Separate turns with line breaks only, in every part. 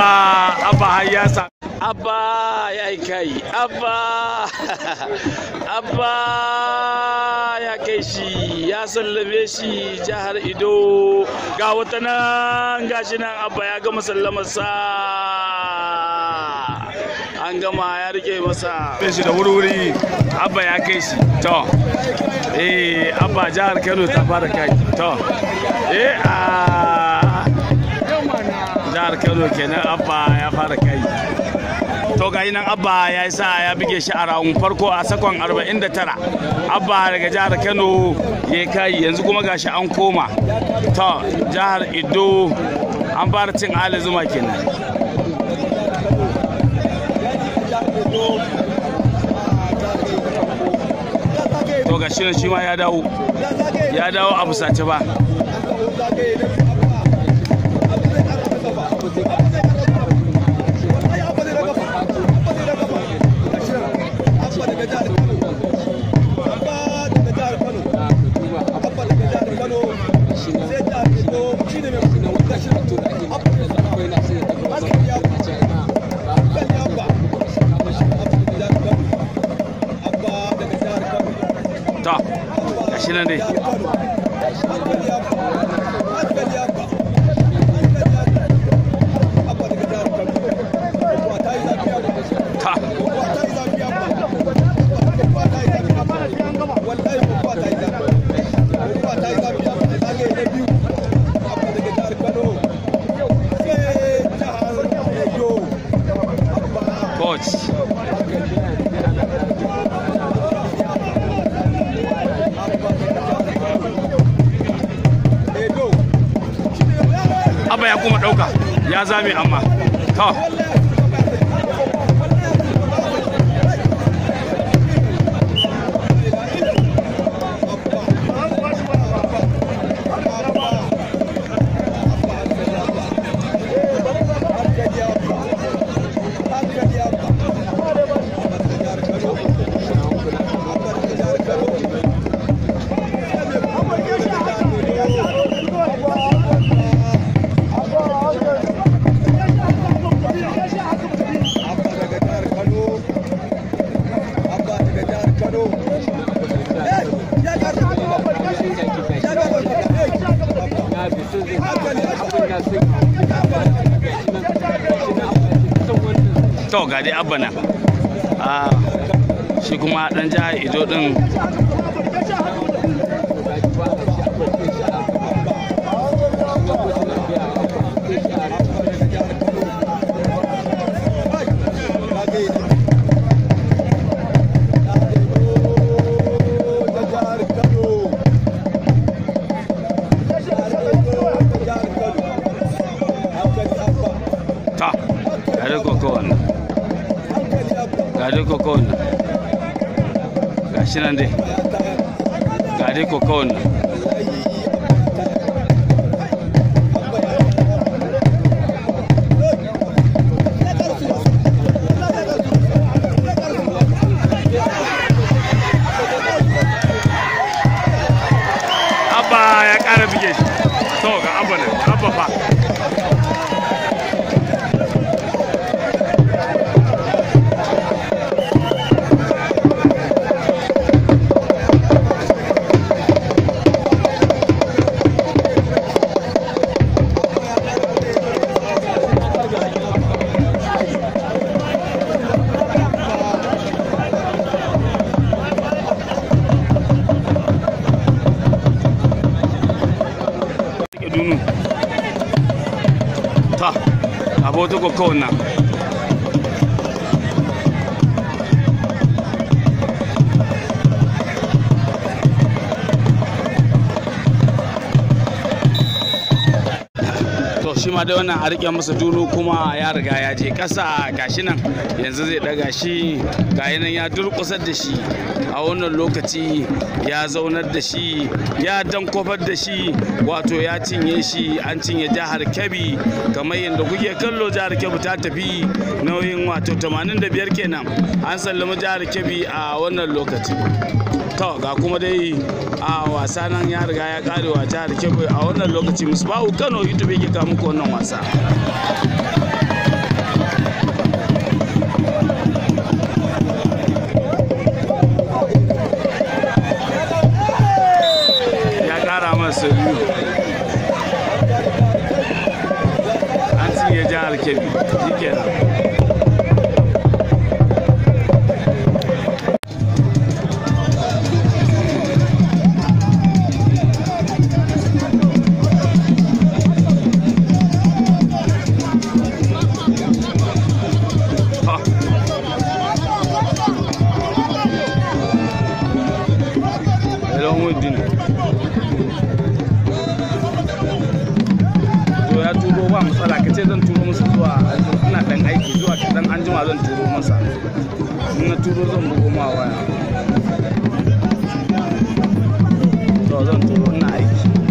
abba abba hayasa abba ya kai abba abba ya kai shi ya sallame shi jihar ido ga wata nan gashi nan abba ya gama sa an gama ya rike masa shi da wuri-wuri abba ya kai shi to eh abba jihar kano ta fara kai to eh a ah, jihar kano kenan abba ya fara kai to gayi nan abba ya sa ya bige shi a rawun farko a sakon 49 abba daga jihar kano ya kai yanzu kuma gashi an koma ta jihar ido an fara cin ali zuma kenan to ga shi ma ya dawo ya dawo a fusace ba Come. to ga dai abba nan ah, shi kuma dan jihar ido din kokon nan nan dai ga kokon abba ya kara bige shi to ga abba nan abba fa fa a boto ko kona shi ma da wannan a rike masa duro kuma ya riga ya je ƙasa gashi nan yanzu zai ɗaga shi gayi nan ya durƙusar da shi a wannan lokaci ya zaunar da shi ya dankofar da shi wato ya cinye shi an cinye jihar kebbi kamar yadda kuke kallo jihar kebbi ta tafi nauyin wato 85 kenan an sallama jihar kebbi a wannan lokaci kawo ga kuma dai a wasa nan ya riga ya kare wa jihar kebbi a wannan lokaci musbahu kano youtube yake kawo muku wannan wasa ya kara masu masa an tsinye jihar kebbi shi kenan nasa na turo zan bugu ma waya to zan turo ina aiki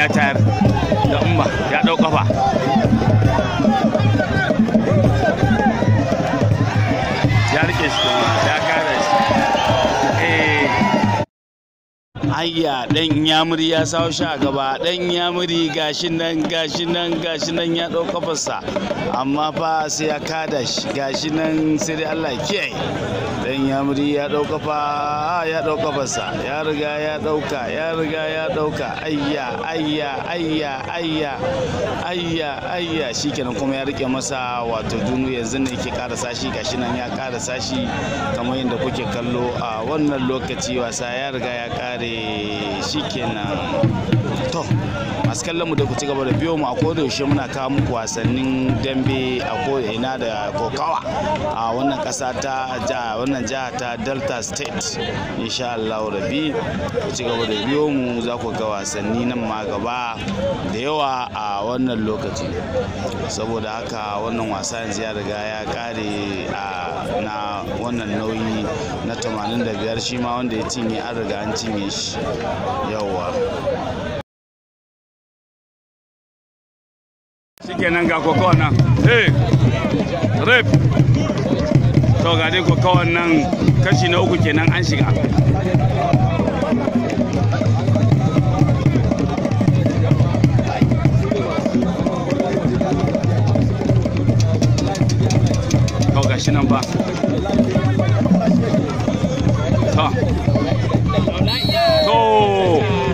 ya tayar hayya dan yamuri ya sa shi a gaba dan yamuri gashi nan gashi nan gashi nan ya dau kafarsa amma fa sai ya kada shi gashi nan sai dai Allah kiyaye dan yamuri ya dau kafa ya dau kafarsa ya riga ya dauka ya riga ya dauka ayya ayya ayya ayya ayya ayya shikenan kuma ya rike masa wato dunu yanzu ne yake karasa shi gashi nan ya karasa shi kamar yadda kuke kallo a wannan lokaci wasa ya riga ya kare shikenan to masu kallon mu da ku ci gaba da biyo mu a koda yaushe muna kawo muku wasannin dambe a ko ina da kokawa a wannan kasa ta wannan jiha ta Delta State insha Allah rabi ku ci gaba da biyo mu za ku ga wasanni nan ma gaba da yawa a wannan lokaci saboda haka wannan wasa yanzu ya riga ya kare a na wannan nauyi na 85 shi ma wanda ya cinye an riga an cinye shi yawwa shikenan ga kokawa nan eh rep to ga dai kokawa nan kashi na uku kenan an shiga Thank you. to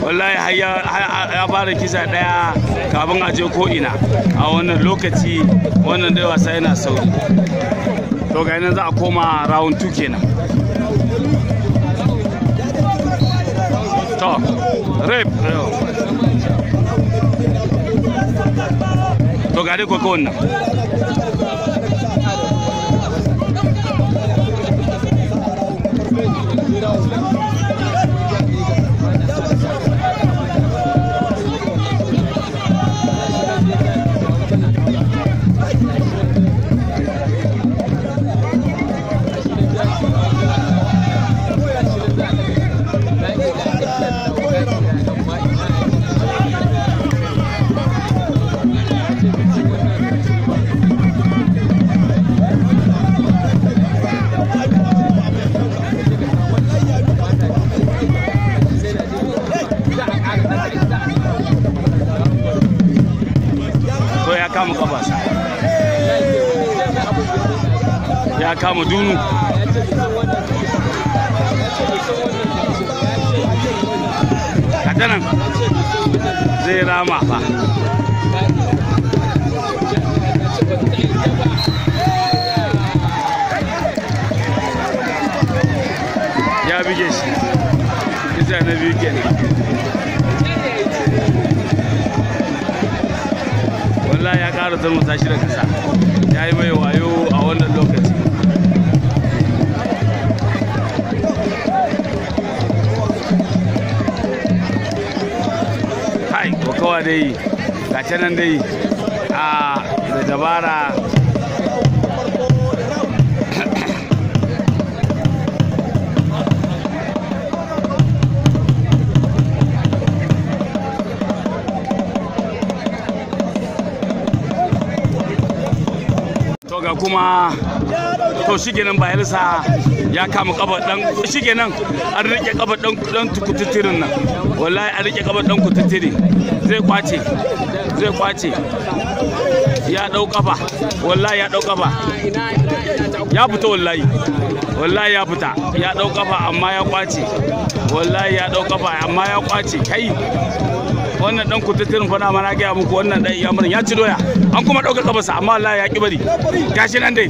wallahi ya fara kisa daya kafin a je ko'ina a wannan lokaci wannan dai wasa yana sauri to ga nan za a koma round 2 kenan to rep to ga dai ko wannan Não. kama kabas ya kamu dunu nan zai rama ya bige shi Güzel bir biyu Allah ya ƙara zarmuta shi da kasa ya yi mai wayo a wannan lokaci kai kawai dai ga canan dai a da dabara kuma to ba bayelsa ya kama kabar dan shigenan an rike kabar dan dan tukututirin nan wallahi an rike kabar dan kututtiri zai kwace zai kwace ya dau kafa wallahi ya dau kafa ya fita wallahi wallahi ya fita ya dau kafa amma ya kwace wallahi ya dau kafa amma ya kwace kai wannan dan kututturin fada mana gaya muku wannan dan yamurin ya ci doya an kuma ɗaukar kafarsa amma Allah ya ki bari gashi nan dai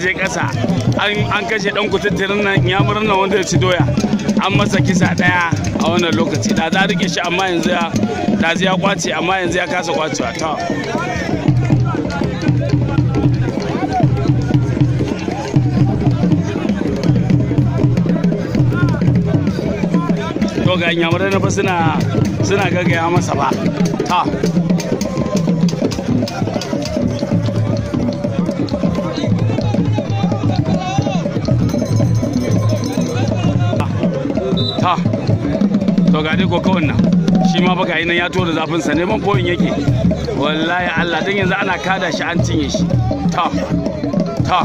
je ƙasa an kashe ɗan kututturin nan ya murna wanda ya ci doya an masa kisa ɗaya a wannan lokaci da za rike shi amma yanzu ya da ya kwace amma yanzu ya kasa kwacewa ta to ga yamurai na fa suna suna gaggaya masa ba ta to ga dai koko wannan shi ma baka yi nan ya tura zafin sa neman foyin yake wallahi Allah dan yanzu ana kada shi an cinye shi ta ta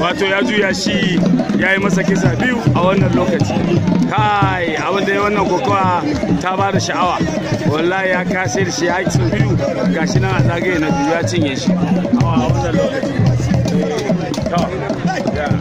wato ya juya shi ya yi masa kisa biyu a wannan lokaci kai abin da ya wannan kokowa ta ba da sha'awa wallahi ya kasir shi ya kisa biyu shi nan a zagaye na biyu ya cinye shi a wannan lokaci eh,